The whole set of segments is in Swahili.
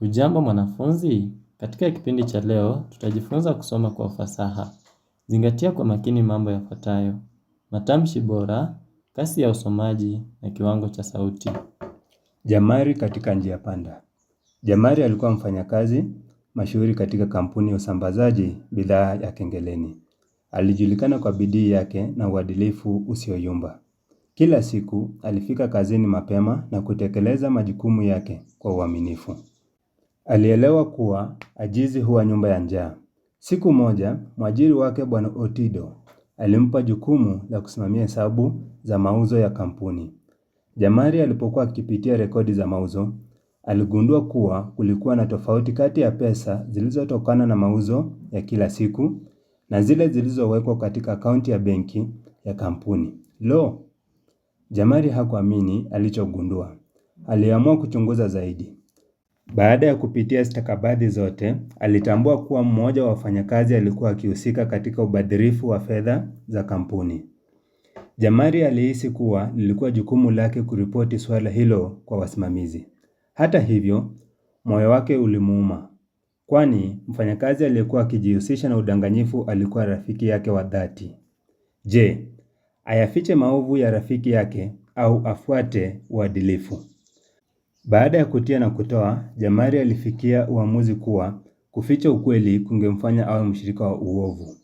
Hujambo mwanafunzi, katika kipindi cha leo, tutajifunza kusoma kwa ufasaha. Zingatia kwa makini mambo yafuatayo. Matamshi bora, kasi ya usomaji na kiwango cha sauti. Jamari katika njia panda. Jamari alikuwa mfanyakazi, mashuhuri katika kampuni ya usambazaji bidhaa ya Kengeleni. Alijulikana kwa bidii yake na uadilifu usioyumba. Kila siku alifika kazini mapema na kutekeleza majukumu yake kwa uaminifu. Alielewa kuwa ajizi huwa nyumba ya njaa. Siku moja, mwajiri wake Bwana Otido alimpa jukumu la kusimamia hesabu za mauzo ya kampuni. Jamari alipokuwa akipitia rekodi za mauzo, aligundua kuwa kulikuwa na tofauti kati ya pesa zilizotokana na mauzo ya kila siku na zile zilizowekwa katika akaunti ya benki ya kampuni. Lo! Jamari hakuamini alichogundua. Aliamua kuchunguza zaidi. Baada ya kupitia stakabadhi zote, alitambua kuwa mmoja wa wafanyakazi alikuwa akihusika katika ubadhirifu wa fedha za kampuni. Jamari alihisi kuwa lilikuwa jukumu lake kuripoti suala hilo kwa wasimamizi. Hata hivyo, moyo wake ulimuuma, kwani mfanyakazi aliyekuwa akijihusisha na udanganyifu alikuwa rafiki yake wa dhati. Je, ayafiche maovu ya rafiki yake au afuate uadilifu? Baada ya kutia na kutoa, Jamari alifikia uamuzi kuwa kuficha ukweli kungemfanya awe mshirika wa uovu.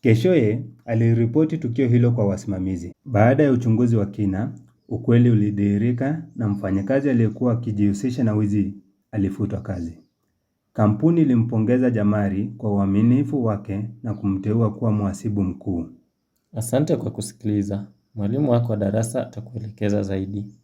Keshoye aliripoti tukio hilo kwa wasimamizi. Baada ya uchunguzi wa kina, ukweli ulidhihirika na mfanyakazi aliyekuwa akijihusisha na wizi alifutwa kazi. Kampuni ilimpongeza Jamari kwa uaminifu wake na kumteua kuwa mhasibu mkuu. Asante kwa kusikiliza. Mwalimu wako wa darasa atakuelekeza zaidi.